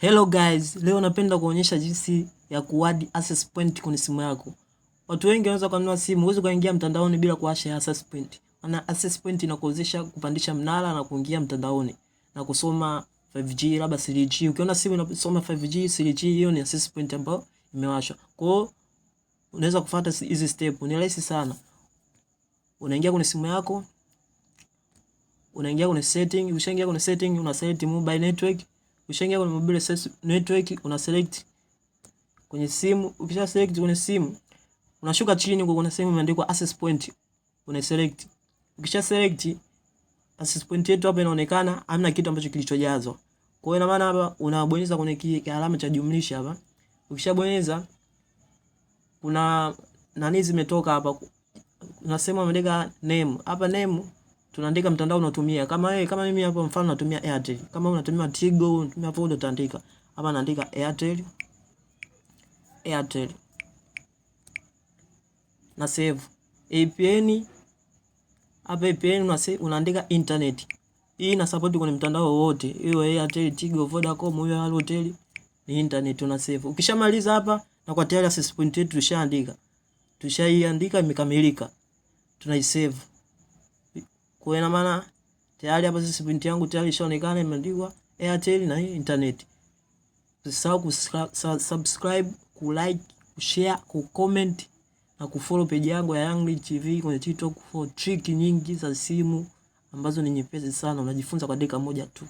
Hello guys, leo napenda kuonyesha jinsi ya kuadd access point kwenye simu yako. Watu wengi wanaweza kununua simu, huwezi kuingia mtandaoni bila kuwasha access point. Maana access point inakuwezesha kupandisha mnara na kuingia mtandaoni na kusoma 5G labda 3G. Ukiona simu inasoma 5G, 3G, hiyo ni access point ambayo imewashwa. Kwa hiyo unaweza kufuata hizi step, ni rahisi sana. Unaingia kwenye simu yako, unaingia kwenye setting, ushaingia kwenye setting, una select mobile network ushaingia kwenye mobile service network una select kwenye simu. Ukisha select kwenye simu, unashuka chini huko, kuna sehemu imeandikwa access point, una select. Ukisha select access point yetu hapa inaonekana hamna kitu ambacho kilichojazwa. Kwa hiyo ina maana hapa unabonyeza kwenye kile alama cha jumlisha hapa. Ukishabonyeza kuna nani zimetoka hapa, unasema umeandika name hapa name tunaandika mtandao unatumia Kama wewe kama mimi hapa mfano natumia Airtel. Kama unatumia Tigo, unatumia Vodacom utaandika. Hapa naandika Airtel. Airtel. Na save. APN hapa APN una save unaandika internet. Hii ina support kwenye mtandao wote. Iwe Airtel, Tigo, Vodacom, iwe Halotel. Ni internet una save. Ukishamaliza hapa na kwa tayari access yetu tushaandika. Tushaiandika imekamilika. Tunaisave. Kwa ina maana tayari hapa sisi print yangu tayari ishaonekana imeandikwa Airtel na hii internet. Usisahau kusubscribe, kulike, kushare, kucomment na kufollow page yangu ya Young Rich TV kwenye TikTok for trick nyingi za simu ambazo ni nyepesi sana, unajifunza kwa dakika moja tu.